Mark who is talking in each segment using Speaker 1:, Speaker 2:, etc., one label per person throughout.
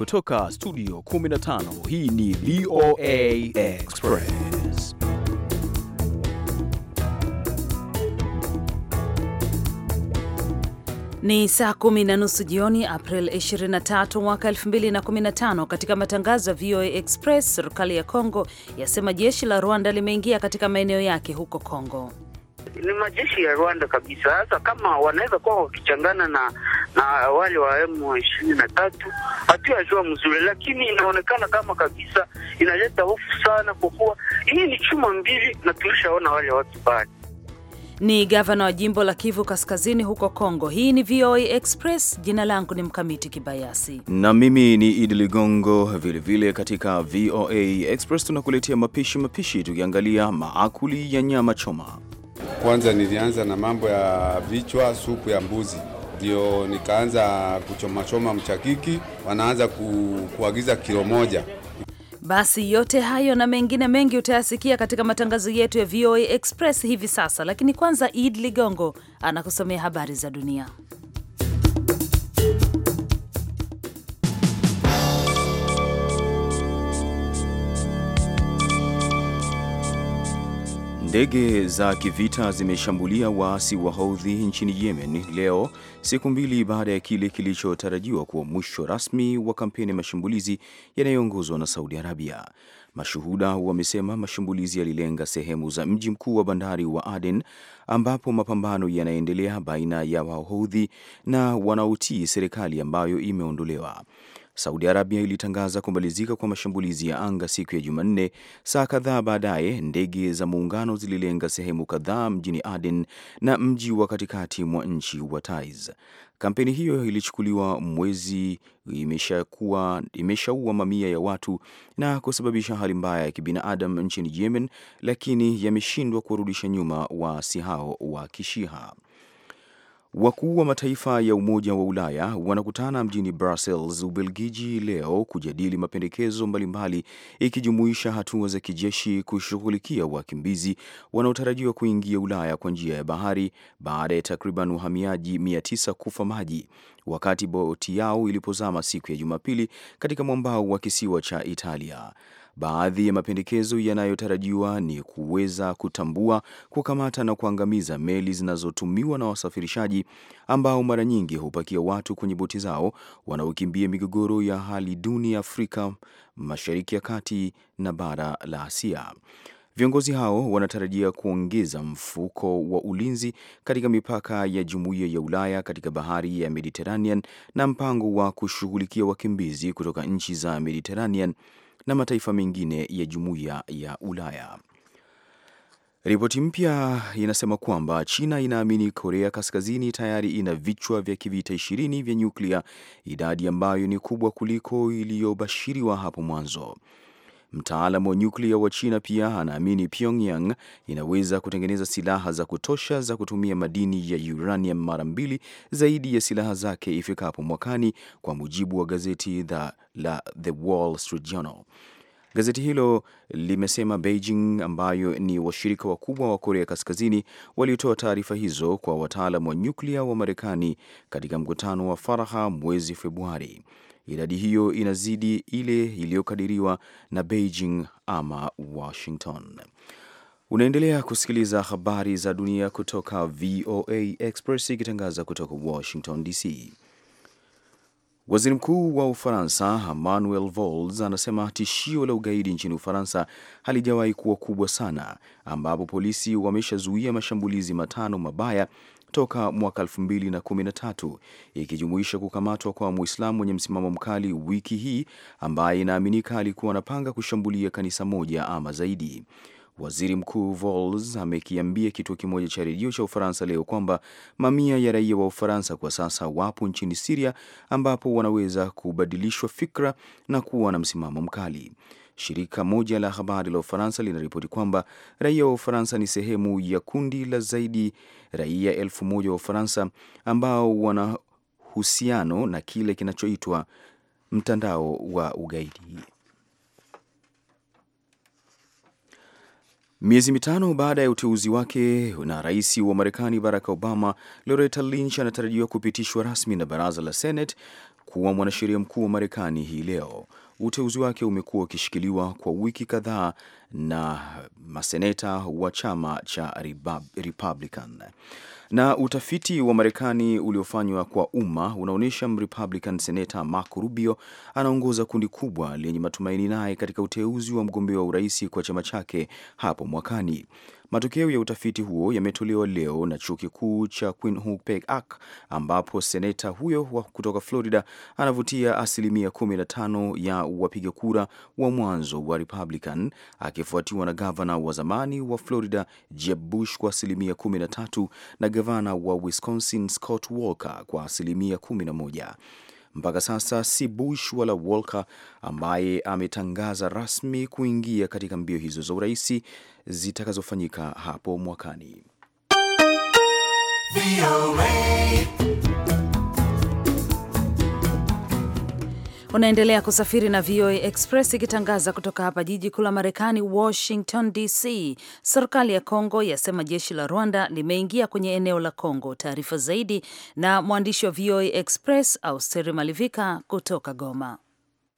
Speaker 1: Kutoka studio 15 hii ni VOA Express.
Speaker 2: Ni saa kumi na nusu jioni April 23 mwaka 2015. Katika matangazo ya VOA Express, serikali ya Kongo yasema jeshi la Rwanda limeingia katika maeneo yake huko Kongo
Speaker 3: ni majeshi ya Rwanda kabisa. Sasa kama wanaweza kuwa wakichangana na na wale wa M ishirini na tatu hatuyajua mzuri, lakini inaonekana kama kabisa inaleta hofu sana, kwa kuwa hii ni chuma mbili na tulishaona wale watu bani
Speaker 2: ni gavana wa jimbo la Kivu Kaskazini huko Kongo. Hii ni VOA Express. Jina langu ni Mkamiti Kibayasi
Speaker 1: na mimi ni Idi Ligongo. Vilevile katika VOA Express tunakuletea mapishi mapishi, tukiangalia maakuli ya nyama choma. Kwanza
Speaker 4: nilianza na mambo ya vichwa, supu ya mbuzi ndio nikaanza kuchomachoma mchakiki, wanaanza ku, kuagiza kilo moja.
Speaker 2: Basi yote hayo na mengine mengi utayasikia katika matangazo yetu ya VOA Express hivi sasa, lakini kwanza Id Ligongo anakusomea habari za dunia.
Speaker 1: Ndege za kivita zimeshambulia waasi wa Houthi nchini Yemen leo, siku mbili baada ya kile kilichotarajiwa kuwa mwisho rasmi wa kampeni ya mashambulizi yanayoongozwa na Saudi Arabia. Mashuhuda wamesema mashambulizi yalilenga sehemu za mji mkuu wa bandari wa Aden, ambapo mapambano yanaendelea baina ya Wahoudhi na wanaotii serikali ambayo imeondolewa. Saudi Arabia ilitangaza kumalizika kwa mashambulizi ya anga siku ya Jumanne. Saa kadhaa baadaye, ndege za muungano zililenga sehemu kadhaa mjini Aden na mji wa katikati mwa nchi wa Taiz. Kampeni hiyo ilichukuliwa mwezi imeshakuwa imeshaua mamia ya watu na kusababisha hali mbaya ya kibinadamu nchini Yemen, lakini yameshindwa kurudisha nyuma waasi hao wa Kishiha. Wakuu wa mataifa ya Umoja wa Ulaya wanakutana mjini Brussels, Ubelgiji leo kujadili mapendekezo mbalimbali ikijumuisha hatua za kijeshi kushughulikia wakimbizi wanaotarajiwa kuingia Ulaya kwa njia ya bahari baada ya takriban wahamiaji 900 kufa maji wakati boti yao ilipozama siku ya Jumapili katika mwambao wa kisiwa cha Italia. Baadhi ya mapendekezo yanayotarajiwa ni kuweza kutambua, kukamata na kuangamiza meli zinazotumiwa na wasafirishaji ambao mara nyingi hupakia watu kwenye boti zao wanaokimbia migogoro ya hali duni ya Afrika Mashariki ya Kati na bara la Asia. Viongozi hao wanatarajia kuongeza mfuko wa ulinzi katika mipaka ya Jumuiya ya Ulaya katika bahari ya Mediterranean na mpango wa kushughulikia wakimbizi kutoka nchi za Mediterranean na mataifa mengine ya jumuiya ya Ulaya. Ripoti mpya inasema kwamba China inaamini Korea Kaskazini tayari ina vichwa vya kivita ishirini vya nyuklia, idadi ambayo ni kubwa kuliko iliyobashiriwa hapo mwanzo. Mtaalamu wa nyuklia wa China pia anaamini Pyongyang inaweza kutengeneza silaha za kutosha za kutumia madini ya uranium mara mbili zaidi ya silaha zake ifikapo mwakani, kwa mujibu wa gazeti la The Wall Street Journal. Gazeti hilo limesema Beijing, ambayo ni washirika wakubwa wa Korea Kaskazini, walitoa taarifa hizo kwa wataalam wa nyuklia wa Marekani katika mkutano wa faraha mwezi Februari. Idadi hiyo inazidi ile iliyokadiriwa na Beijing ama Washington. Unaendelea kusikiliza habari za dunia kutoka VOA Express ikitangaza kutoka Washington DC. Waziri Mkuu wa Ufaransa Manuel Valls anasema tishio la ugaidi nchini Ufaransa halijawahi kuwa kubwa sana, ambapo polisi wameshazuia mashambulizi matano mabaya toka mwaka 2013 ikijumuisha kukamatwa kwa Muislamu mwenye msimamo mkali wiki hii ambaye inaaminika alikuwa anapanga kushambulia kanisa moja ama zaidi. Waziri Mkuu Valls amekiambia kituo kimoja cha redio cha Ufaransa leo kwamba mamia ya raia wa Ufaransa kwa sasa wapo nchini Siria ambapo wanaweza kubadilishwa fikra na kuwa na msimamo mkali. Shirika moja la habari la Ufaransa linaripoti kwamba raia wa Ufaransa ni sehemu ya kundi la zaidi raia elfu moja wa Ufaransa ambao wana uhusiano na kile kinachoitwa mtandao wa ugaidi. Miezi mitano baada ya uteuzi wake na rais wa Marekani Barack Obama, Loretta Lynch anatarajiwa kupitishwa rasmi na baraza la Senate kuwa mwanasheria mkuu wa Marekani hii leo. Uteuzi wake umekuwa ukishikiliwa kwa wiki kadhaa na maseneta wa chama cha Republican. Na utafiti wa Marekani uliofanywa kwa umma unaonyesha Mrepublican seneta Marco Rubio anaongoza kundi kubwa lenye matumaini naye katika uteuzi wa mgombea wa urais kwa chama chake hapo mwakani. Matokeo ya utafiti huo yametolewa leo na chuo kikuu cha Quinnipiac ambapo seneta huyo wa kutoka Florida anavutia asilimia 15 ya wapiga kura wa mwanzo wa Republican aki akifuatiwa na gavana wa zamani wa Florida Jeb Bush kwa asilimia 13 na gavana wa Wisconsin Scott Walker kwa asilimia 11. Mpaka sasa si Bush wala Walker ambaye ametangaza rasmi kuingia katika mbio hizo za urais zitakazofanyika hapo mwakani.
Speaker 2: Unaendelea kusafiri na VOA Express ikitangaza kutoka hapa jiji kuu la Marekani, Washington DC. Serikali ya Kongo yasema jeshi la Rwanda limeingia kwenye eneo la Kongo. Taarifa zaidi na mwandishi wa VOA Express Austeri Malivika kutoka Goma.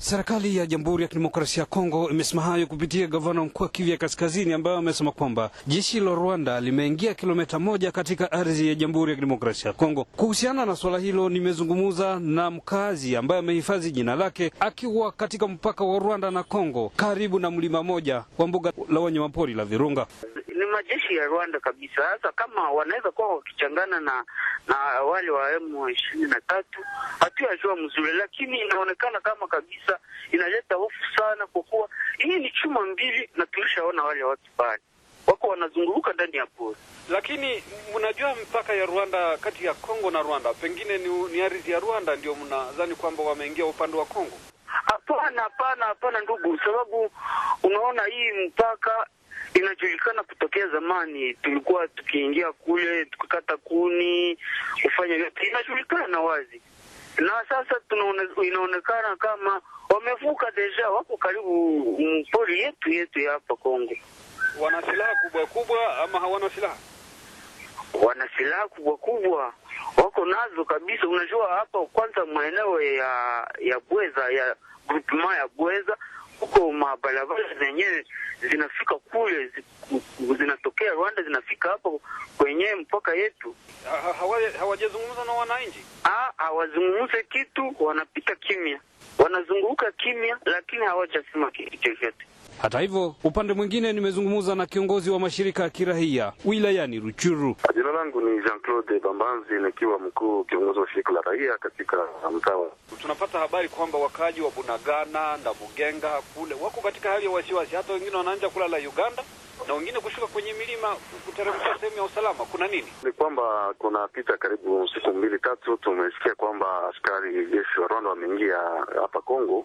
Speaker 5: Serikali ya Jamhuri ya Kidemokrasia ya Kongo imesema hayo kupitia gavana mkuu wa Kivu ya Kaskazini, ambaye amesema kwamba jeshi la Rwanda limeingia kilomita moja katika ardhi ya Jamhuri ya Kidemokrasia ya Kongo. Kuhusiana na suala hilo, nimezungumza na mkazi ambaye amehifadhi jina lake akiwa katika mpaka wa Rwanda na Kongo, karibu na mlima moja wa mbuga la wanyamapori la Virunga
Speaker 3: ni majeshi ya Rwanda kabisa. Sasa kama wanaweza kuwa wakichangana na na wale wa M ishirini na tatu hatuyajua mzuri, lakini inaonekana kama kabisa inaleta hofu sana, kwa kuwa hii ni chuma mbili
Speaker 5: na tulishaona wale watu pale wako
Speaker 3: wanazunguruka ndani ya pori.
Speaker 5: Lakini unajua mpaka ya Rwanda kati ya Kongo na Rwanda pengine ni, ni ardhi ya Rwanda, ndio mnadhani kwamba wameingia upande wa Kongo?
Speaker 3: Hapana, hapana, hapana ndugu, sababu unaona hii mpaka inajulikana kutokea zamani, tulikuwa tukiingia kule tukikata kuni kufanya vyote, inajulikana wazi na sasa tunaone, inaonekana kama wamevuka deja, wako karibu mpoli yetu yetu ya hapa Kongo. Wana silaha kubwa kubwa ama hawana silaha? Wana silaha kubwa kubwa, wako nazo kabisa. Unajua hapa kwanza maeneo ya ya Bweza ya groupement ya Bweza huko mabarabara zenyewe zinafika kule zinatokea Rwanda zinafika hapo kwenye mpaka yetu. Hawajazungumza na wananchi, hawazungumze kitu, wanapita kimya, wanazunguka kimya, lakini hawajasema kitu chochote.
Speaker 5: Hata hivyo, upande mwingine nimezungumza na kiongozi wa mashirika ya kirahia wilayani Ruchuru.
Speaker 3: Jina langu ni Jean Claude Bambanzi, nikiwa mkuu kiongozi wa shirika la raia katika mtawa.
Speaker 5: Tunapata habari kwamba wakaaji wa Bunagana na Bugenga kule wako katika hali ya wasiwasi, hata wengine wanaanza kulala Uganda na wengine kushuka kwenye milima kuteremka sehemu ya usalama. Kuna nini? Ni
Speaker 3: kwamba kuna pita karibu siku mbili tatu, tumesikia kwamba askari jeshi wa Rwanda wameingia hapa Kongo,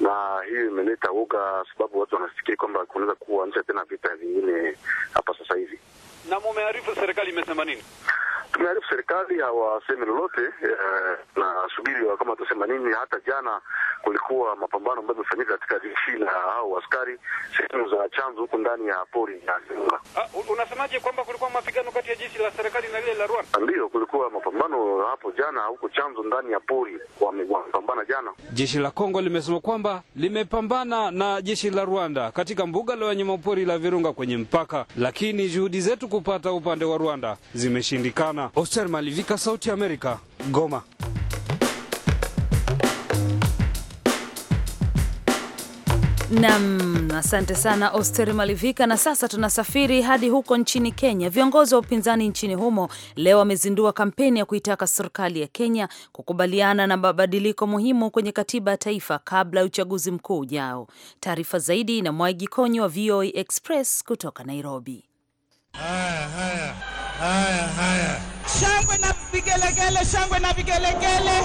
Speaker 3: na hiyo imeleta woga, sababu watu wanafikiri kwamba kunaweza kuanzisha tena vita vingine hapa sasa hivi.
Speaker 5: Na mumearifu serikali imesema nini?
Speaker 3: waseme lolote eh, wa kama watasema nini. Hata jana kulikuwa mapambano ambayo yamefanyika katika jeshi la hao askari sehemu za chanzo huku ndani ya pori ya Dunga.
Speaker 5: Ah, unasemaje kwamba kulikuwa mapigano kati ya jeshi la serikali
Speaker 3: na lile la Rwanda? Ndio jana huko chanzo ndani ya pori wamepambana jana.
Speaker 5: Jeshi la Kongo limesema kwamba limepambana na jeshi la Rwanda katika mbuga la wanyamapori la Virunga kwenye mpaka, lakini juhudi zetu kupata upande wa Rwanda zimeshindikana. Oster Malivika, Sauti ya Amerika, Goma.
Speaker 2: Nam, asante sana Osteri Malivika. Na sasa tunasafiri hadi huko nchini Kenya. Viongozi wa upinzani nchini humo leo wamezindua kampeni ya kuitaka serikali ya Kenya kukubaliana na mabadiliko muhimu kwenye katiba ya taifa kabla ya uchaguzi mkuu ujao. Taarifa zaidi na Mwaigi Konyi wa VOA e Express kutoka Nairobi. Haya, haya, haya, haya. Shangwe na vigelegele, shangwe na vigelegele.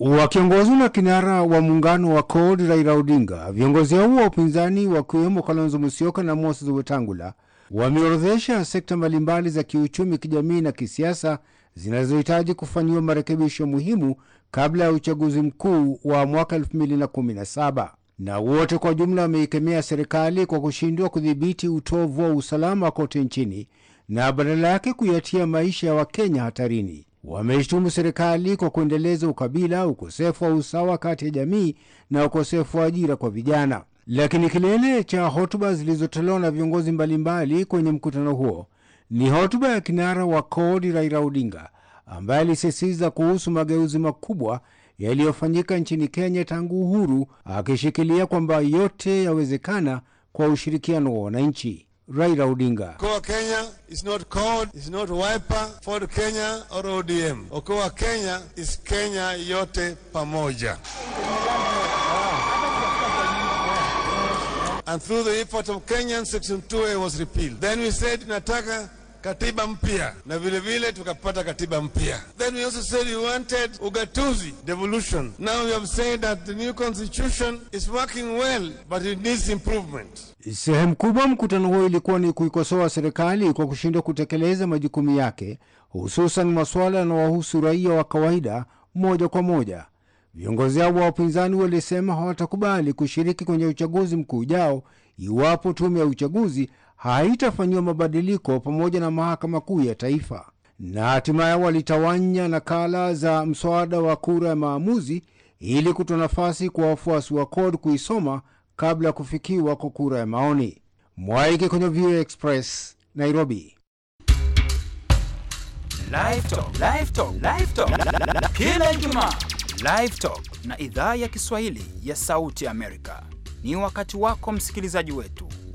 Speaker 4: Wakiongozwa na kinara wa muungano wa CORD Raila Odinga, viongozi hao wa upinzani wakiwemo Kalonzo Musyoka na Moses Wetangula wameorodhesha sekta mbalimbali za kiuchumi, kijamii na kisiasa zinazohitaji kufanyiwa marekebisho muhimu kabla ya uchaguzi mkuu wa mwaka 2017 na wote kwa jumla wameikemea serikali kwa kushindwa kudhibiti utovu wa usalama kote nchini na badala yake kuyatia maisha ya Wakenya hatarini. wameshtumu serikali kwa kuendeleza ukabila, ukosefu wa usawa kati ya jamii na ukosefu wa ajira kwa vijana. Lakini kilele cha hotuba zilizotolewa na viongozi mbalimbali kwenye mkutano huo ni hotuba ya kinara wa kodi raira Odinga, ambaye alisisitiza kuhusu mageuzi makubwa yaliyofanyika nchini Kenya tangu uhuru, akishikilia kwamba yote yawezekana kwa ushirikiano wa wananchi. Raila Odinga. Okoa Kenya is not called, is not Wiper, Ford Kenya or ODM. Okoa Kenya is Kenya yote pamoja. And through the effort of Kenyan, Section 2A was repealed. Then we said, nataka katiba mpya na vile vile tukapata katiba mpya. Then we also said we wanted ugatuzi devolution. Now we have said that the new constitution is working well but it needs improvement. Sehemu kubwa mkutano huo ilikuwa ni kuikosoa serikali kwa kushindwa kutekeleza majukumu yake, hususan masuala yanawahusu raia wa kawaida moja kwa moja. Viongozi hao wa upinzani walisema hawatakubali kushiriki kwenye uchaguzi mkuu ujao iwapo tume ya uchaguzi haitafanyiwa mabadiliko pamoja na mahakama kuu ya taifa, na hatimaye walitawanya nakala za mswada wa kura ya maamuzi ili kutoa nafasi kwa wafuasi wa CORD kuisoma kabla ya kufikiwa kwa kura ya maoni. Mwaike kwenye VOA Express, Nairobi. Kila Ijumaa Live Talk na idhaa ya Kiswahili ya Sauti Amerika. Ni wakati wako msikilizaji wetu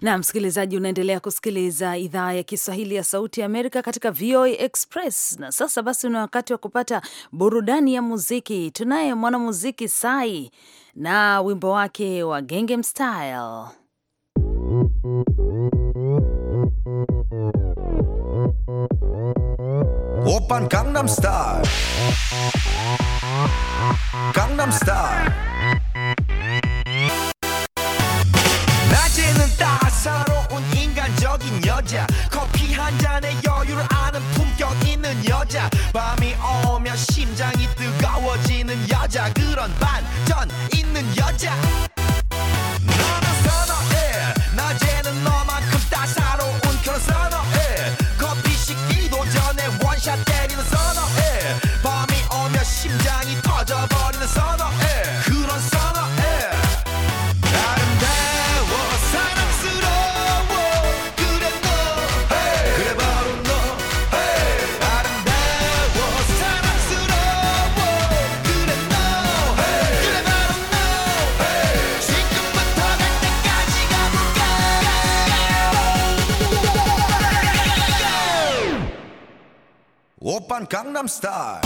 Speaker 2: Na msikilizaji, unaendelea kusikiliza idhaa ya Kiswahili ya Sauti ya Amerika katika VOA Express. Na sasa basi, una wakati wa kupata burudani ya muziki. Tunaye mwanamuziki Sai na wimbo wake wa Gangnam Style.
Speaker 6: Open Gangnam Style. Gangnam Style. 한 잔의 여유를 아는 품격 있는 여자 밤이 오면 심장이 뜨거워지는 여자 그런 반전 있는 여자 너는 선어해 낮에는 너만큼 따사로운 그런 선어해 커피 식기도 전에 원샷 때 I'm star.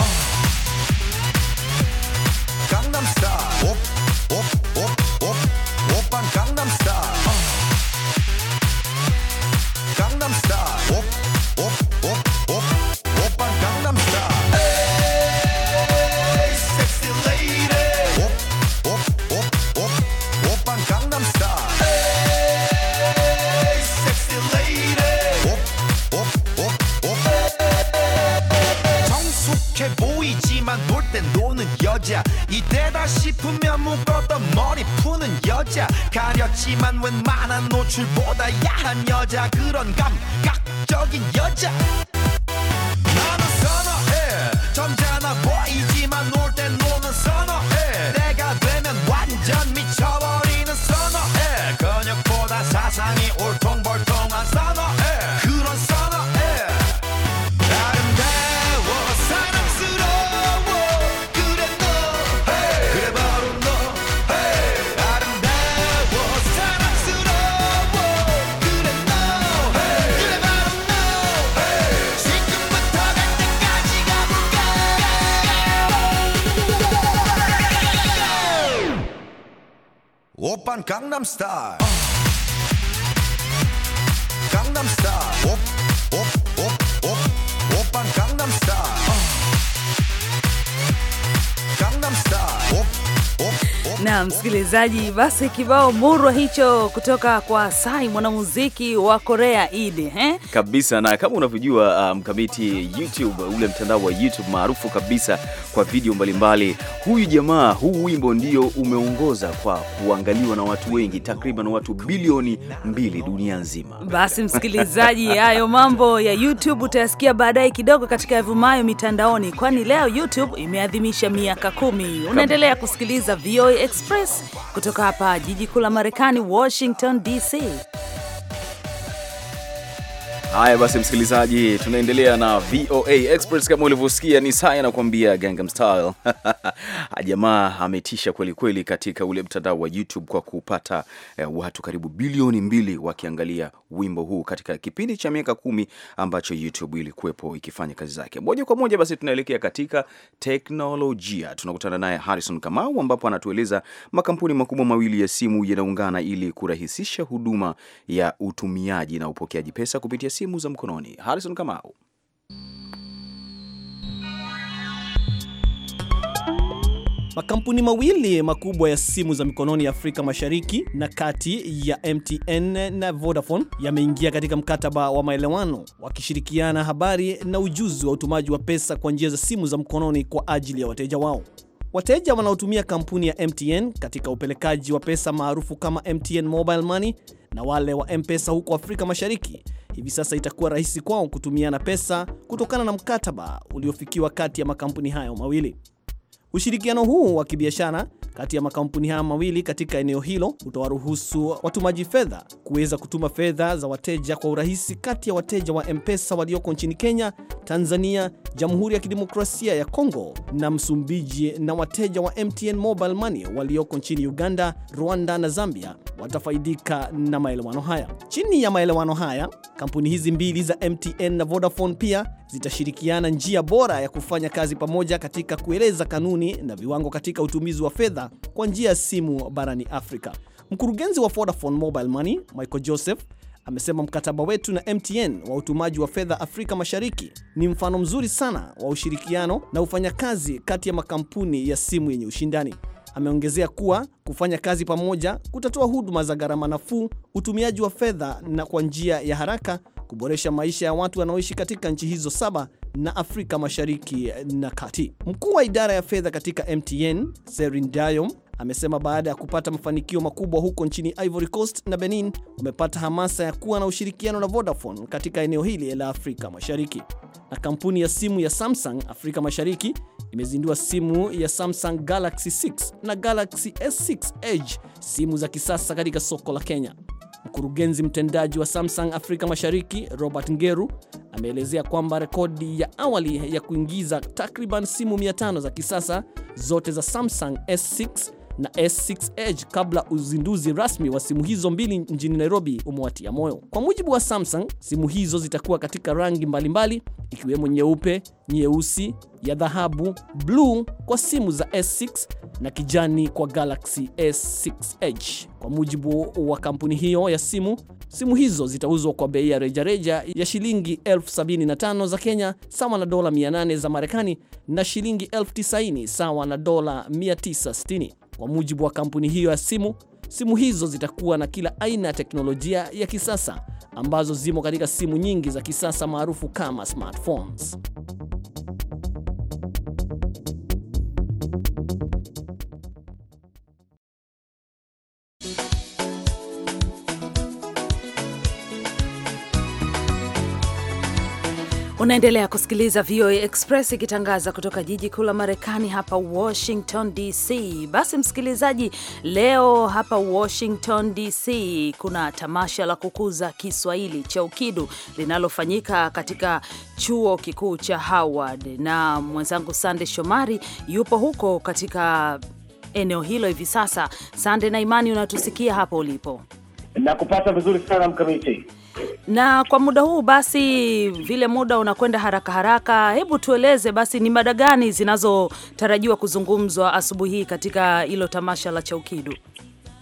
Speaker 6: 싶으면 묶었던 머리 푸는 여자 가렸지만 웬만한 노출보다 야한 여자 그런 감각적인 여자 나는 선호해 점잖아 보 오빤 강남 스타일 강남 스타일 오오오오오빤 강남 스타일
Speaker 2: na msikilizaji, basi kibao murwa hicho kutoka kwa Sai, mwanamuziki wa Korea Idi eh?
Speaker 1: Kabisa, na kama unavyojua uh, mkamiti, um, YouTube, ule mtandao wa YouTube maarufu kabisa kwa video mbalimbali, huyu jamaa, huu wimbo ndio umeongoza kwa kuangaliwa na watu wengi, takriban watu bilioni mbili dunia nzima.
Speaker 2: Basi msikilizaji, hayo mambo ya YouTube utayasikia baadaye kidogo katika yavumayo mitandaoni, kwani leo YouTube imeadhimisha miaka kumi. Unaendelea kusikiliza VOA Express kutoka hapa jiji kuu la Marekani, Washington DC.
Speaker 1: Haya basi, msikilizaji, tunaendelea na VOA Express. Kama ulivyosikia, ni saa anakuambia Gangnam Style ah, jamaa ametisha kweli kweli katika ule mtandao wa YouTube kwa kupata eh, watu karibu bilioni mbili wakiangalia wimbo huu katika kipindi cha miaka kumi ambacho YouTube ilikuwepo ikifanya kazi zake. Moja kwa moja basi tunaelekea katika teknolojia, tunakutana naye Harrison Kamau ambapo anatueleza makampuni makubwa mawili ya simu yanaungana ili kurahisisha huduma ya utumiaji na upokeaji pesa kupitia
Speaker 7: simu simu za mkononi. Harrison Kamau. Makampuni mawili makubwa ya simu za mikononi ya Afrika Mashariki na Kati ya MTN na Vodafone yameingia katika mkataba wa maelewano wakishirikiana habari na ujuzi wa utumaji wa pesa kwa njia za simu za mkononi kwa ajili ya wateja wao. Wateja wanaotumia kampuni ya MTN katika upelekaji wa pesa maarufu kama MTN Mobile Money na wale wa M-Pesa huko Afrika Mashariki hivi sasa itakuwa rahisi kwao kutumiana pesa kutokana na mkataba uliofikiwa kati ya makampuni hayo mawili. Ushirikiano huu wa kibiashara kati ya makampuni haya mawili katika eneo hilo utawaruhusu watumaji fedha kuweza kutuma fedha za wateja kwa urahisi kati ya wateja wa mpesa walioko nchini Kenya, Tanzania, Jamhuri ya Kidemokrasia ya Kongo na Msumbiji na wateja wa MTN Mobile Money walioko nchini Uganda, Rwanda na Zambia watafaidika na maelewano haya. Chini ya maelewano haya, kampuni hizi mbili za MTN na Vodafone pia zitashirikiana njia bora ya kufanya kazi pamoja katika kueleza kanuni na viwango katika utumizi wa fedha kwa njia ya simu barani Afrika. Mkurugenzi wa Vodafone Mobile Money, Michael Joseph, amesema mkataba wetu na MTN wa utumaji wa fedha Afrika Mashariki ni mfano mzuri sana wa ushirikiano na ufanyakazi kati ya makampuni ya simu yenye ushindani. Ameongezea kuwa kufanya kazi pamoja kutatoa huduma za gharama nafuu, utumiaji wa fedha na kwa njia ya haraka kuboresha maisha ya watu wanaoishi katika nchi hizo saba na Afrika Mashariki na Kati. Mkuu wa idara ya fedha katika MTN, serin Dayom amesema baada ya kupata mafanikio makubwa huko nchini Ivory Coast na Benin, umepata hamasa ya kuwa na ushirikiano na Vodafone katika eneo hili la Afrika Mashariki. Na kampuni ya simu ya Samsung Afrika Mashariki imezindua simu ya Samsung Galaxy 6 na Galaxy S6 Edge, simu za kisasa katika soko la Kenya. Mkurugenzi mtendaji wa Samsung Afrika Mashariki Robert Ngeru ameelezea kwamba rekodi ya awali ya kuingiza takriban simu 500 za kisasa zote za Samsung S6 na S6 Edge kabla uzinduzi rasmi wa simu hizo mbili nchini Nairobi umewatia moyo. Kwa mujibu wa Samsung, simu hizo zitakuwa katika rangi mbalimbali mbali, ikiwemo nyeupe, nyeusi, ya dhahabu, bluu kwa simu za S6 na kijani kwa Galaxy S6 Edge. Kwa mujibu wa kampuni hiyo ya simu, simu hizo zitauzwa kwa bei ya rejareja ya shilingi elfu sabini na tano za Kenya sawa na dola 800 za Marekani na shilingi elfu tisaini sawa na dola 960. Kwa mujibu wa kampuni hiyo ya simu, simu hizo zitakuwa na kila aina ya teknolojia ya kisasa ambazo zimo katika simu nyingi za kisasa maarufu kama smartphones.
Speaker 2: Unaendelea kusikiliza VOA Express ikitangaza kutoka jiji kuu la Marekani, hapa Washington DC. Basi msikilizaji, leo hapa Washington DC kuna tamasha la kukuza Kiswahili cha UKIDU linalofanyika katika chuo kikuu cha Howard, na mwenzangu Sande Shomari yupo huko katika eneo hilo hivi sasa. Sande na Imani, unatusikia hapo ulipo? Nakupata vizuri sana Mkamiti. Na kwa muda huu basi, vile muda unakwenda haraka haraka, hebu tueleze basi ni mada gani zinazotarajiwa kuzungumzwa asubuhi hii katika hilo tamasha la Chaukidu?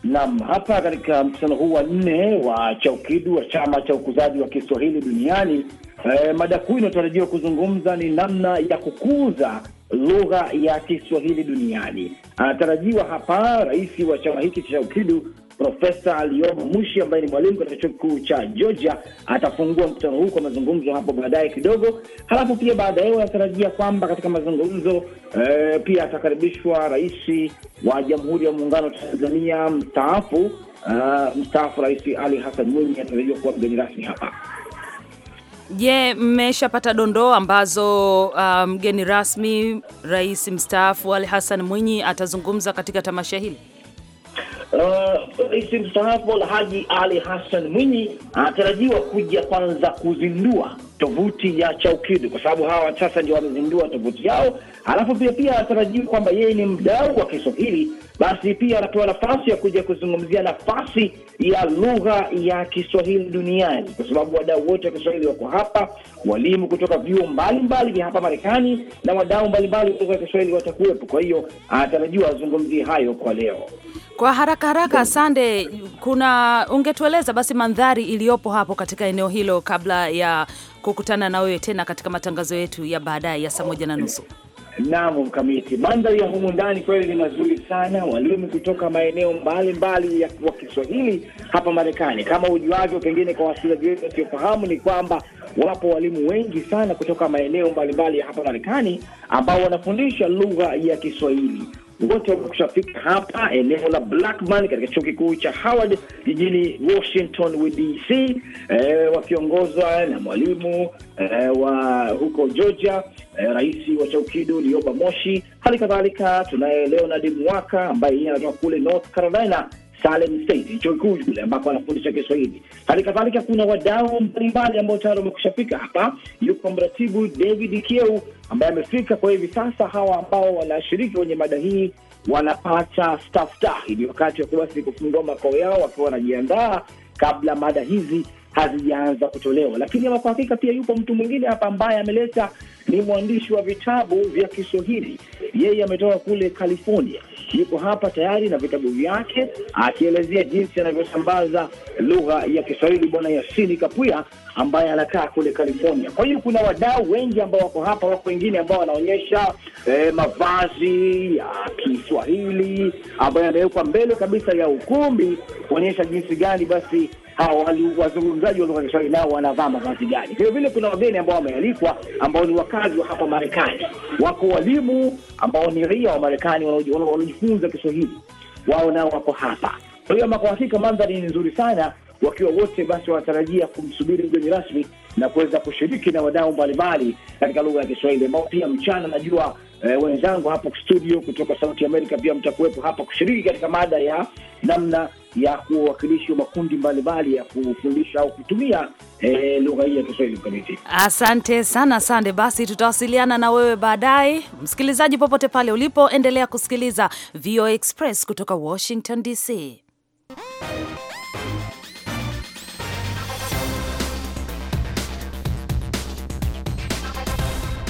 Speaker 8: Naam, hapa katika mkutano huu wa nne wa Chaukidu wa chama cha ukuzaji wa Kiswahili duniani eh, mada kuu inayotarajiwa kuzungumza ni namna ya kukuza lugha ya Kiswahili duniani. Anatarajiwa hapa rais wa chama hiki cha Chaukidu Profesa alioma Mushi ambaye ni mwalimu katika chuo kikuu cha Georgia atafungua mkutano huu kwa mazungumzo hapo baadaye kidogo. Halafu pia baadaye wanatarajia kwamba katika mazungumzo eh, pia atakaribishwa rais wa Jamhuri ya Muungano wa Tanzania mstaafu Uh, mstaafu Rais Ali Hassan Mwinyi anatarajiwa kuwa mgeni rasmi hapa.
Speaker 2: Je, yeah, mmeshapata dondoo ambazo ah, mgeni um, rasmi rais mstaafu Ali Hassan Mwinyi atazungumza katika tamasha hili?
Speaker 3: Uh,
Speaker 8: Rais uh, mstaafu Alhaji Ali Hassan Mwinyi anatarajiwa kuja kwanza kuzindua tovuti ya Chaukidu kwa sababu hawa sasa ndio wamezindua tovuti yao, Alafu pia pia anatarajiwa kwamba yeye ni mdau wa Kiswahili, basi pia anapewa nafasi ya kuja kuzungumzia nafasi ya lugha ya Kiswahili duniani, kwa sababu wadau wote wa Kiswahili wako hapa, walimu kutoka vyuo mbalimbali vya hapa Marekani na wadau mbalimbali wa lugha ya Kiswahili watakuwepo. Kwa hiyo anatarajiwa azungumzie hayo kwa leo.
Speaker 2: Kwa haraka haraka, Sande, kuna ungetueleza basi mandhari iliyopo hapo katika eneo hilo kabla ya kukutana na wewe tena katika matangazo yetu ya baadaye ya saa moja na nusu.
Speaker 8: Naam, mkamiti, mandhari ya humu ndani kweli ni mazuri sana. walimu kutoka maeneo mbalimbali ya wa Kiswahili hapa Marekani, kama ujuavyo, pengine kwa wasikilizaji wetu wasiofahamu, ni kwamba wapo walimu wengi sana kutoka maeneo mbalimbali ya hapa Marekani ambao wanafundisha lugha ya Kiswahili. Wote wamekushafika hapa eneo la Blackman katika chuo kikuu cha Howard jijini Washington DC, e, eh, wakiongozwa na mwalimu e, wa huko Georgia eh, rais wa Chaukidu Lioba Moshi. Hali kadhalika tunaye Leonard Mwaka ambaye yeye anatoka kule North Carolina Salem State, chuo kikuu kule ambako anafundisha Kiswahili. Hali kadhalika kuna wadau mbalimbali ambao tayari wamekushafika hapa. Yuko mratibu David Kieu ambaye amefika kwa hivi sasa. Hawa ambao wanashiriki kwenye mada hii wanapata staftahi, ni wakati wa kuwasi kufungua makao yao wakiwa wanajiandaa kabla mada hizi hazijaanza kutolewa. Lakini ama kwa hakika pia yupo mtu mwingine hapa ambaye ameleta, ni mwandishi wa vitabu vya Kiswahili. Yeye ametoka kule California, yuko hapa tayari na vitabu vyake akielezea jinsi anavyosambaza lugha ya Kiswahili, Bwana Yasini Kapuya ambaye anakaa kule California. Kwa hiyo kuna wadau wengi ambao wako hapa, wako wengine ambao wanaonyesha eh, mavazi ya Kiswahili ambayo yamewekwa mbele kabisa ya ukumbi kuonyesha jinsi gani basi wazungumzaji wa lugha ya Kiswahili nao wanavaa mavazi gani. Vile vile kuna wageni ambao wamealikwa ambao ni wakazi wa hapa Marekani, wako walimu ambao ni raia wa Marekani wanaojifunza Kiswahili, wao nao wako hapa. Kwa hiyo, kwa hakika mandhari ni nzuri sana wakiwa wote basi wanatarajia kumsubiri mgeni rasmi na kuweza kushiriki na wadau mbalimbali katika lugha ya Kiswahili ambao pia mchana najua eh, wenzangu hapo studio kutoka Sauti Amerika pia mtakuwepo hapa kushiriki katika mada ya namna ya kuwawakilishi makundi mbalimbali ya kufundisha au kutumia eh, lugha hii ya Kiswahili mkamiti.
Speaker 2: Asante sana Sande, basi tutawasiliana na wewe baadaye. Msikilizaji popote pale ulipo, endelea kusikiliza VOA Express kutoka Washington DC.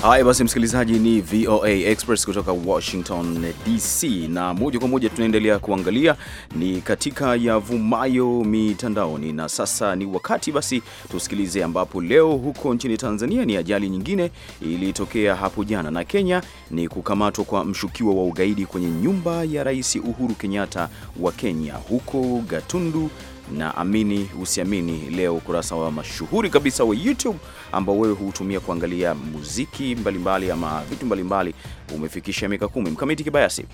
Speaker 1: Haya basi, msikilizaji, ni VOA Express kutoka Washington DC, na moja kwa moja tunaendelea kuangalia ni katika yavumayo mitandaoni, na sasa ni wakati basi tusikilize, ambapo leo huko nchini Tanzania ni ajali nyingine ilitokea hapo jana, na Kenya ni kukamatwa kwa mshukiwa wa ugaidi kwenye nyumba ya Rais Uhuru Kenyatta wa Kenya huko Gatundu na amini usiamini, leo ukurasa wa mashuhuri kabisa wa YouTube ambao wewe huutumia kuangalia muziki mbalimbali mbali ama vitu mbalimbali mbali, umefikisha miaka kumi. Mkamiti Kibayasi,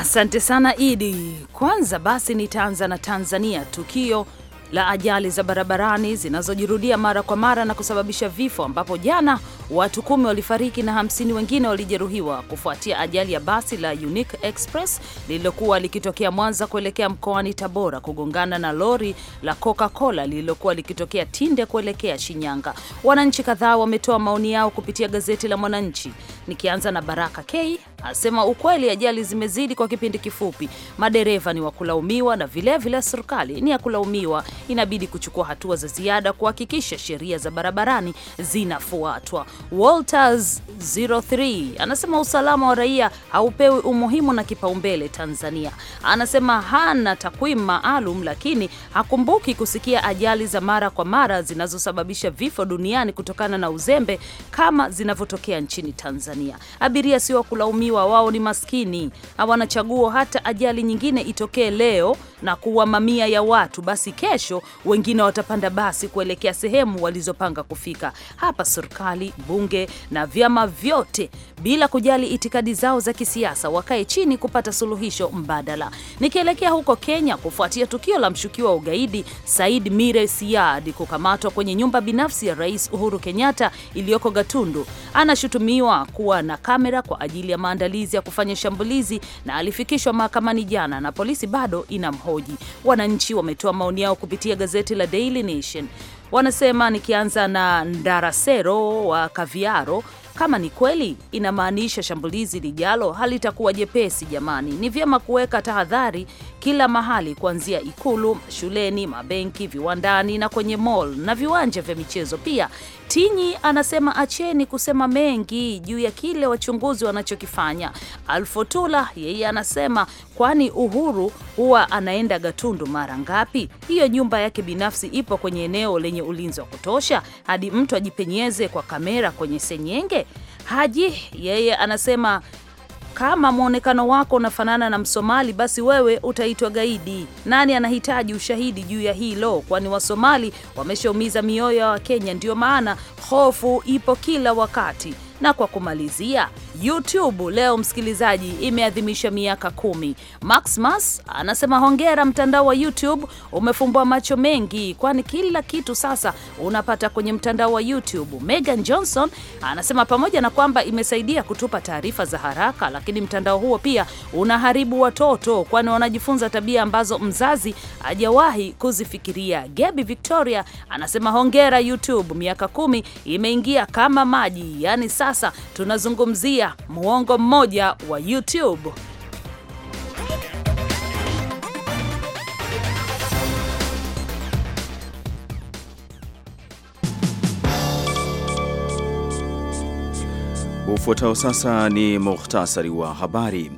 Speaker 2: asante sana Idi. Kwanza basi nitaanza na Tanzania, tukio la ajali za barabarani zinazojirudia mara kwa mara na kusababisha vifo, ambapo jana watu kumi walifariki na hamsini wengine walijeruhiwa kufuatia ajali ya basi la Unique Express lililokuwa likitokea Mwanza kuelekea mkoani Tabora kugongana na lori la Coca-Cola lililokuwa likitokea Tinde kuelekea Shinyanga. Wananchi kadhaa wametoa maoni yao kupitia gazeti la Mwananchi, nikianza na Baraka K asema ukweli, ajali zimezidi kwa kipindi kifupi, madereva ni wakulaumiwa na vilevile serikali ni ya kulaumiwa. Inabidi kuchukua hatua za ziada kuhakikisha sheria za barabarani zinafuatwa. Walters 03 anasema usalama wa raia haupewi umuhimu na kipaumbele Tanzania. Anasema hana takwimu maalum, lakini hakumbuki kusikia ajali za mara kwa mara zinazosababisha vifo duniani kutokana na uzembe kama zinavyotokea nchini Tanzania. Abiria sio wanatuhumiwa wao ni maskini, hawana chaguo hata ajali nyingine itokee leo na kuwa mamia ya watu, basi kesho wengine watapanda basi kuelekea sehemu walizopanga kufika. Hapa serikali, bunge na vyama vyote, bila kujali itikadi zao za kisiasa, wakae chini kupata suluhisho mbadala. Nikielekea huko Kenya, kufuatia tukio la mshukiwa wa ugaidi Said Mire Siad kukamatwa kwenye nyumba binafsi ya Rais Uhuru Kenyatta iliyoko Gatundu, anashutumiwa kuwa na kamera kwa ajili ya maandalizi ya kufanya shambulizi na alifikishwa mahakamani jana na polisi bado inam hoji Wananchi wametoa maoni yao kupitia gazeti la Daily Nation. Wanasema, nikianza na Ndarasero wa Kaviaro, kama ni kweli inamaanisha shambulizi lijalo halitakuwa jepesi. Jamani, ni vyema kuweka tahadhari kila mahali, kuanzia Ikulu, shuleni, mabenki, viwandani na kwenye mall na viwanja vya michezo. Pia Tinyi anasema acheni kusema mengi juu ya kile wachunguzi wanachokifanya. Alfotula yeye anasema kwani Uhuru huwa anaenda Gatundu mara ngapi? Hiyo nyumba yake binafsi ipo kwenye eneo lenye ulinzi wa kutosha hadi mtu ajipenyeze kwa kamera kwenye senyenge? Haji yeye anasema kama mwonekano wako unafanana na Msomali, basi wewe utaitwa gaidi. Nani anahitaji ushahidi juu ya hilo? Kwani Wasomali wameshaumiza mioyo ya Wakenya, ndio maana hofu ipo kila wakati. Na kwa kumalizia YouTube leo msikilizaji, imeadhimisha miaka kumi. Max Mas anasema hongera, mtandao wa YouTube umefumbua macho mengi, kwani kila kitu sasa unapata kwenye mtandao wa YouTube. Megan Johnson anasema pamoja na kwamba imesaidia kutupa taarifa za haraka, lakini mtandao huo pia unaharibu watoto, kwani wanajifunza tabia ambazo mzazi hajawahi kuzifikiria. Gabi Victoria anasema hongera YouTube, miaka kumi imeingia kama maji, yaani sasa tunazungumzia muongo mmoja wa YouTube.
Speaker 1: Ufuatao sasa ni muhtasari wa habari.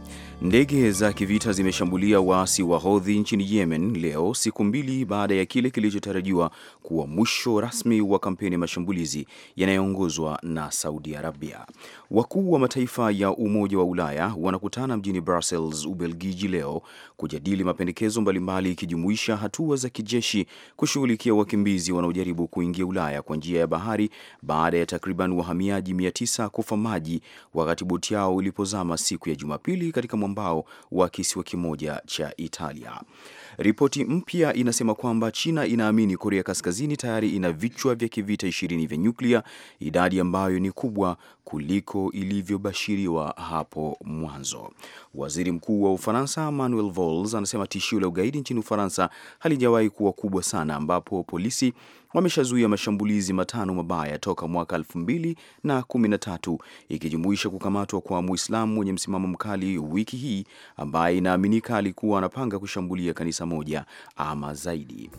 Speaker 1: Ndege za kivita zimeshambulia waasi wa Hodhi nchini Yemen leo, siku mbili baada ya kile kilichotarajiwa kuwa mwisho rasmi wa kampeni ya mashambulizi yanayoongozwa na Saudi Arabia. Wakuu wa mataifa ya Umoja wa Ulaya wanakutana mjini Brussels, Ubelgiji leo kujadili mapendekezo mbalimbali ikijumuisha hatua za kijeshi kushughulikia wakimbizi wanaojaribu kuingia Ulaya kwa njia ya bahari baada ya takriban wahamiaji 900 kufa maji wakati boti yao ilipozama siku ya Jumapili katika mwambao wa kisiwa kimoja cha Italia. Ripoti mpya inasema kwamba China inaamini Korea Kaskazini tayari ina vichwa vya kivita ishirini vya nyuklia, idadi ambayo ni kubwa kuliko ilivyobashiriwa hapo mwanzo. Waziri Mkuu wa Ufaransa Manuel Valls anasema tishio la ugaidi nchini Ufaransa halijawahi kuwa kubwa sana, ambapo polisi wameshazuia mashambulizi matano mabaya toka mwaka tatu ikijumuisha kukamatwa kwa Muislamu mwenye msimamo mkali wiki hii ambaye inaaminika alikuwa anapanga kushambulia kanisa moja ama zaidi.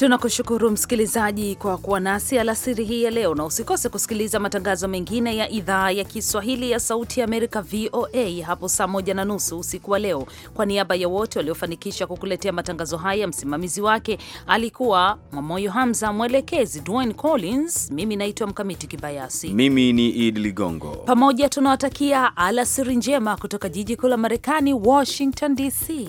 Speaker 2: Tunakushukuru msikilizaji kwa kuwa nasi alasiri hii ya leo, na usikose kusikiliza matangazo mengine ya idhaa ya Kiswahili ya Sauti ya Amerika, VOA, hapo saa moja na nusu usiku wa leo. Kwa niaba ya wote waliofanikisha kukuletea matangazo haya, msimamizi wake alikuwa Mwamoyo Hamza, mwelekezi Dwayne Collins, mimi naitwa Mkamiti Kibayasi,
Speaker 1: mimi ni Idi Ligongo.
Speaker 2: Pamoja tunawatakia alasiri njema kutoka jiji kuu la Marekani, Washington DC.